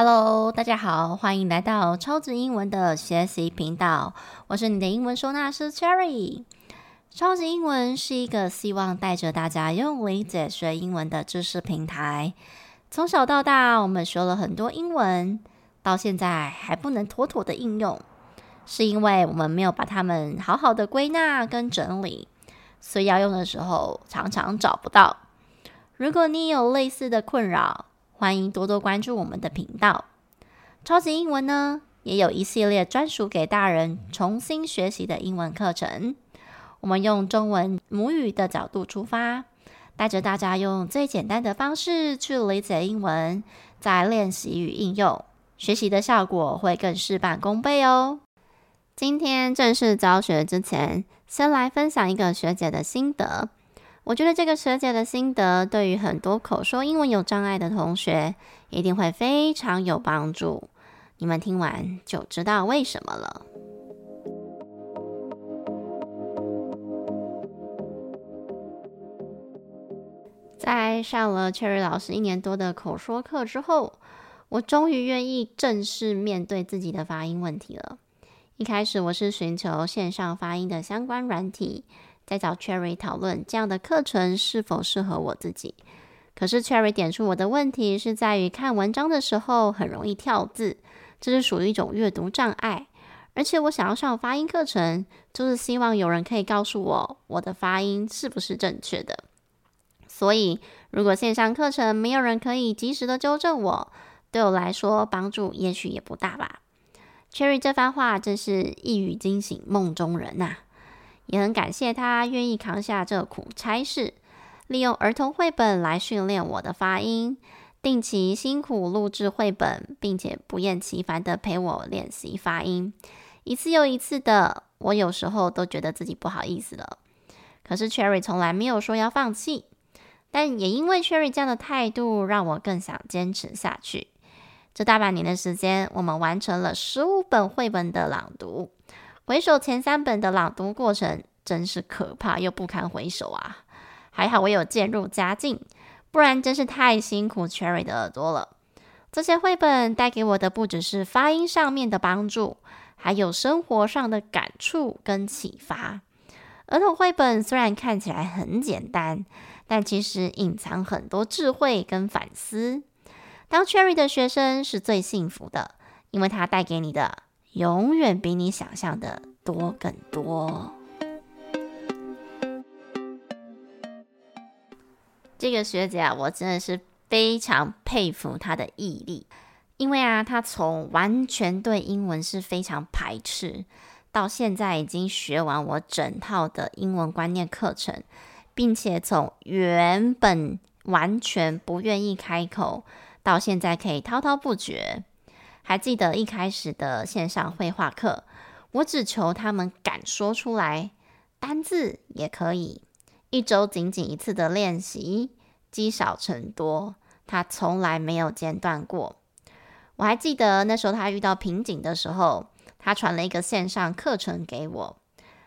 Hello，大家好，歡迎來到超級櫻文的學習頻道。我是你的英文收納師 Cherry。超級櫻文是一個希望帶着大家用理解學英文的知識平台。從小到大，我們學了很多英文，到現在還不能妥妥的應用，是因為我們沒有把它們好好的歸納跟整理，所以要用的時候常常找不到。如果你有類似的困擾，歡迎多多關注我們的頻道。超級櫻文呢，也有一系列專屬給大人重新學習的英文課程。我們用中文母語的角度出發，帶着大家用最簡單的方式去理解英文，再練習與應用，學習的效果會更事半功倍哦。今天正式教學之前，先來分享一個學姐的心得。我覺得這個學姐的心得，對於很多口說英文有障礙的同學，一定會非常有幫助。你們聽完就知道為什麼了。在上了 Cherry 老師一年多的口說課之後，我終於願意正式面對自己的發音問題了。一開始，我是尋求線上發音的相關軟體。在找 Cherry 討論這樣的課程是否適合我自己。可是 Cherry 點出我的問題是在於看文章的時候很容易跳字，這是屬於一種閱讀障礙。而且我想要上發音課程，就是希望有人可以告訴我我的發音是不是正確的。所以如果線上課程沒有人可以及時的糾正我，對我來說幫助也許也不大吧。Cherry 這番話真是一語驚醒夢中人啊。也很感謝他願意扛下這苦差事，利用兒童繪本來訓練我的發音，定期辛苦錄制繪本，並且不厭其煩的陪我練習發音，一次又一次的，我有時候都覺得自己不好意思了。可是 Cherry 從來沒有說要放棄，但也因為 Cherry 這樣的態度，讓我更想堅持下去。這大半年的時間，我們完成了十五本繪本的朗讀。回首前三本的朗讀過程，真是可怕又不堪回首啊！還好我有漸入佳境，不然真是太辛苦 Cherry 的耳朵了。這些繪本帶給我的不只是發音上面的幫助，還有生活上的感觸跟啟發。兒童繪本雖然看起來很簡單，但其實隱藏很多智慧跟反思。當 Cherry 的學生是最幸福的，因為他帶給你的永遠比你想象的多更多。這個學姐啊，我真的是非常佩服她的毅力，因為啊，她從完全對英文是非常排斥，到現在已經學完我整套的英文觀念課程，並且從原本完全不願意開口，到現在可以滔滔不絕。還記得一開始的線上繪畫課，我只求他們敢說出來，單字也可以。一周僅僅一次的練習，積少成多，他從來沒有間斷過。我還記得那時候他遇到瓶頸的時候，他傳了一個線上課程給我，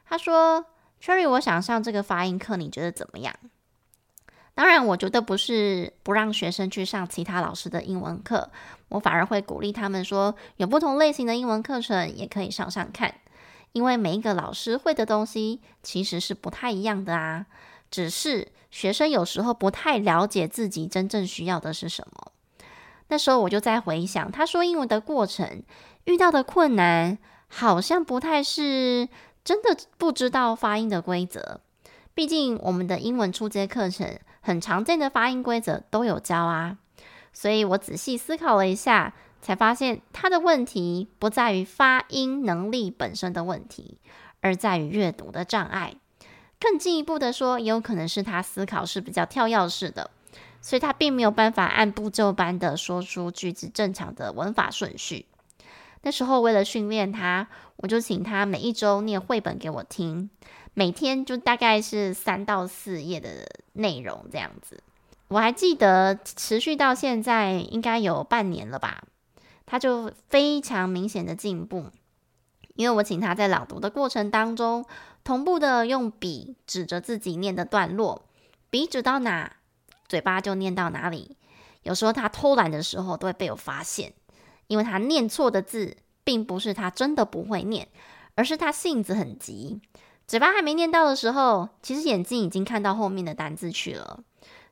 他說：“Cherry，我想上這個發音課，你覺得怎麼樣？”當然，我覺得不是不讓學生去上其他老師的英文課，我反而會鼓勵他們說，有不同類型的英文課程也可以上上看，因為每一個老師會的東西其實是不太一樣的啊。只是學生有時候不太了解自己真正需要的是什麼。那時候我就在回想，他說英文的過程遇到的困難，好像不太是真的不知道發音的規則，畢竟我們的英文初階課程。很常見的發音規則都有教啊，所以我仔細思考了一下，才發現他的問題不在於發音能力本身的問題，而在於閱讀的障礙。更進一步的說，也有可能是他思考是比較跳躍式的，所以他並沒有辦法按部就班的說出句子正常的文法順序。那時候為了訓練他，我就請他每一週唸繪本給我聽。每天就大概是三到四頁的內容這樣子，我還記得持續到現在應該有半年了吧，他就非常明顯的進步，因為我請他在朗讀的過程當中，同步的用筆指着自己念的段落，筆指到哪，嘴巴就念到哪裡。有時候他偷懶的時候都會被我發現，因為他念錯的字，並不是他真的不會念，而是他性子很急。嘴巴還沒念到的時候，其實眼睛已經看到後面的單字去了。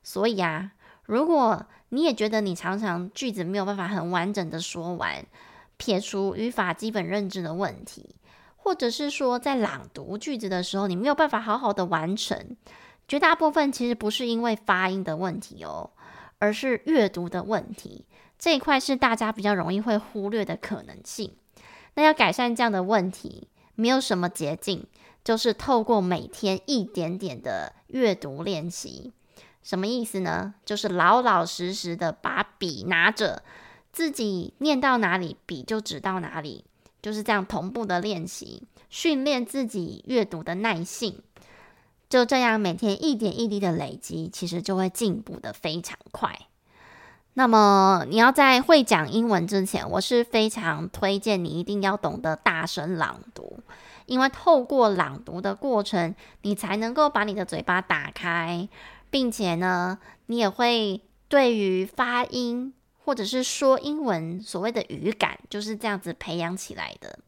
所以啊，如果你也覺得你常常句子沒有辦法很完整的說完，撇除語法基本認知的問題，或者是說在朗讀句子的時候，你沒有辦法好好的完成，絕大部分其實不是因為發音的問題哦，而是閱讀的問題。這一塊是大家比較容易會忽略的可能性。那要改善這樣的問題，沒有什麼捷徑。就是透過每天一點點的閱讀練習，什麼意思呢？就是老老實實的把筆拿着，自己念到哪裡，筆就指到哪裡，就是這樣同步的練習，訓練自己閱讀的耐性。就這樣每天一點一滴的累積，其實就會進步得非常快。那麼你要在會講英文之前，我是非常推薦你一定要懂得大聲朗讀。因為透過朗讀的過程，你才能夠把你的嘴巴打開，並且呢，你也會對於發音或者是說英文所謂的語感，就是這樣子培養起來的。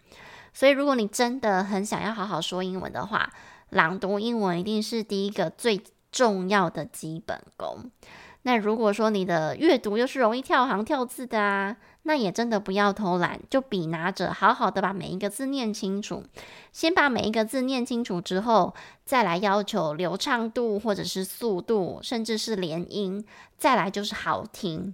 所以，如果你真的很想要好好說英文的話，朗讀英文一定是第一個最重要的基本功。那如果說你的閱讀又是容易跳行跳字的啊，那也真的不要偷懶，就筆拿着，好好的把每一個字念清楚。先把每一個字念清楚之後，再來要求流暢度或者是速度，甚至是連音，再來就是好聽。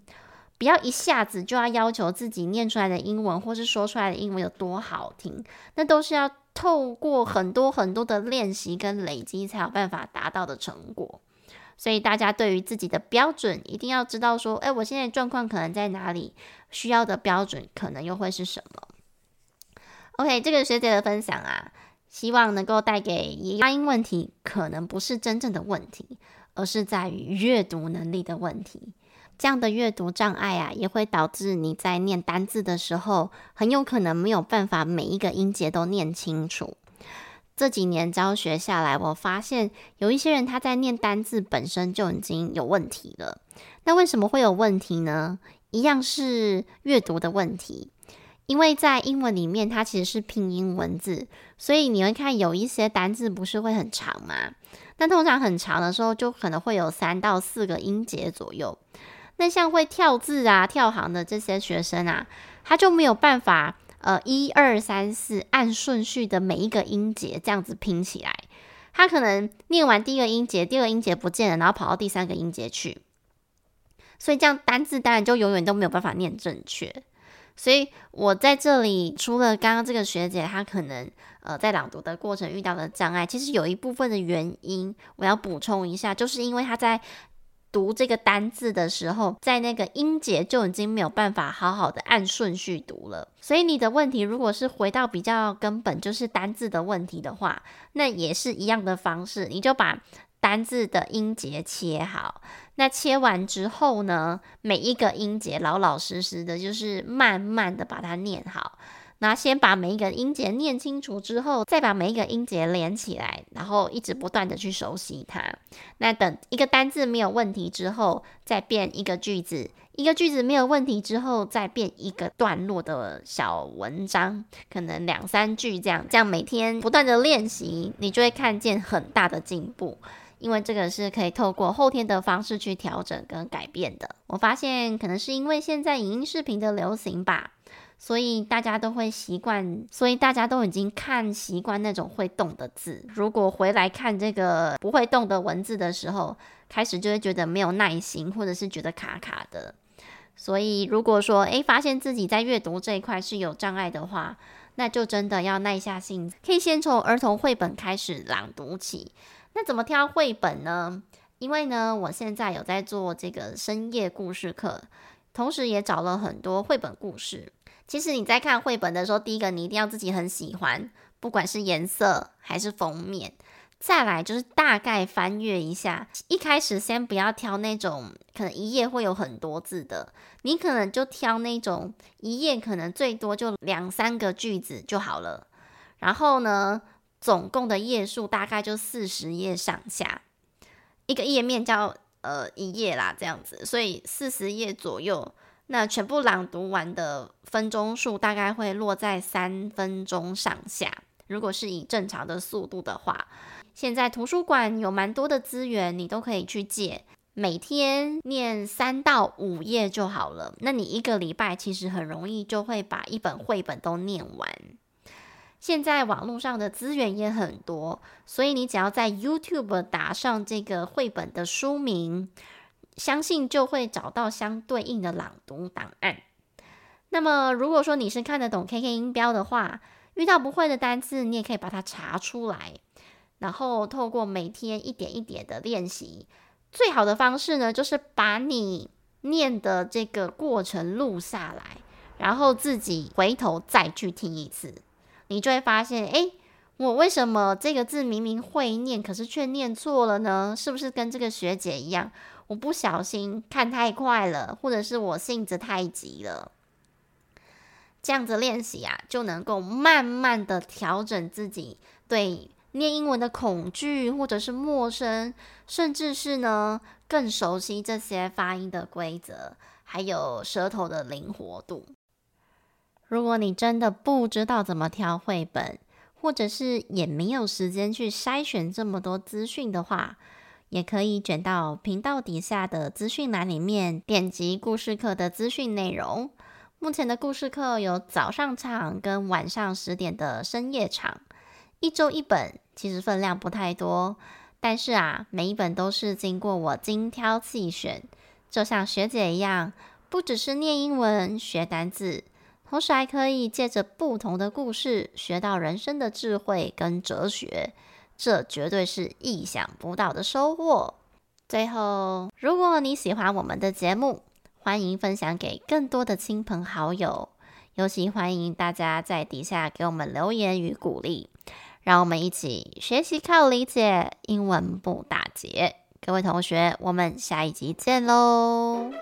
不要一下子就要要求自己念出來的英文或是說出來的英文有多好聽，那都是要透過很多很多的練習跟累積才有辦法達到的成果。所以大家對於自己的標準一定要知道，說，誒，我現在狀況可能在哪裡？需要的標準可能又會是什麼？OK，這個學姐的分享啊，希望能夠帶給發音問題，可能不是真正的問題，而是在於閱讀能力的問題。這樣的閱讀障礙啊，也會導致你在念單字的時候，很有可能沒有辦法每一個音節都念清楚。這幾年教學下來，我發現有一些人他在念單字本身就已經有問題了。那為什麼會有問題呢？一樣是閱讀的問題，因為在英文裡面它其實是拼音文字，所以你會看有一些單字不是會很長嗎？但通常很長的時候，就可能會有三到四個音節左右。那像會跳字啊、跳行的這些學生啊，他就沒有辦法。呃，一二三四按順序的每一個音節這樣子拼起來，他可能念完第一個音節，第二個音節不見了，然後跑到第三個音節去，所以這樣單字當然就永遠都沒有辦法念正確。所以我在這裡除了剛剛這個學姐她可能呃在朗讀的過程遇到的障礙，其實有一部分的原因我要補充一下，就是因為他在。讀這個單字的時候，在那個音節就已經沒有辦法好好的按順序讀了。所以你的問題如果是回到比較根本，就是單字的問題的話，那也是一樣的方式，你就把單字的音節切好。那切完之後呢，每一個音節老老實實的，就是慢慢的把它念好。那先把每一個音節念清楚之後，再把每一個音節連起來，然後一直不斷的去熟悉它。那等一個單字沒有問題之後，再變一個句子；一個句子沒有問題之後，再變一個段落的小文章，可能兩三句這樣。這樣每天不斷的練習，你就會看見很大的進步。因為這個是可以透過後天的方式去調整跟改變的。我發現可能是因為現在影音視頻的流行吧。所以大家都會習慣，所以大家都已經看習慣那種會動的字。如果回來看這個不會動的文字的時候，開始就會覺得沒有耐心，或者是覺得卡卡的。所以如果說，哎，發現自己在閱讀這一塊是有障礙的話，那就真的要耐下性子，可以先從兒童繪本開始朗讀起。那怎麼挑繪本呢？因為呢，我現在有在做這個深夜故事課，同時也找了很多繪本故事。其實你在看繪本的時候，第一個你一定要自己很喜歡，不管是顏色還是封面。再來就是大概翻閱一下，一開始先不要挑那種可能一頁會有很多字的，你可能就挑那種一頁可能最多就兩三個句子就好了。然後呢，總共的頁數大概就四十頁上下，一個頁面叫呃一頁啦，這樣子，所以四十頁左右。那全部朗讀完的分鐘數大概會落在三分鐘上下。如果是以正常的速度的話，現在圖書館有蠻多的資源，你都可以去借。每天念三到五頁就好了。那你一個禮拜其實很容易就會把一本繪本都念完。現在網絡上的資源也很多，所以你只要在 YouTube 打上這個繪本的書名。相信就會找到相對應的朗讀檔案。那麼，如果說你是看得懂 KK 音標的話，遇到不會的單詞，你也可以把它查出來，然後透過每天一點一點的練習。最好的方式呢，就是把你念的這個過程錄下來，然後自己回頭再去聽一次，你就會發現，誒。我為什麼這個字明明會念，可是卻念錯了呢？是不是跟這個學姐一樣？我不小心看太快了，或者是我性子太急了？這樣子練習啊，就能夠慢慢的調整自己對念英文的恐懼，或者是陌生，甚至是呢，更熟悉這些發音的規則，還有舌頭的靈活度。如果你真的不知道怎麼挑繪本，或者是也沒有時間去篩選這麼多資訊的話，也可以捲到頻道底下的資訊欄裡面，點擊故事課的資訊內容。目前的故事課有早上場跟晚上十點的深夜場，一周一本，其實分量不太多，但是啊，每一本都是經過我精挑細選，就像學姐一樣，不只是念英文、學單字。同時還可以借着不同的故事學到人生的智慧跟哲學，這絕對是意想不到的收穫。最後，如果你喜歡我們的節目，歡迎分享給更多的親朋好友，尤其歡迎大家在底下給我們留言與鼓勵。讓我們一起學習靠理解，英文不打結。各位同學，我們下一集見嘍！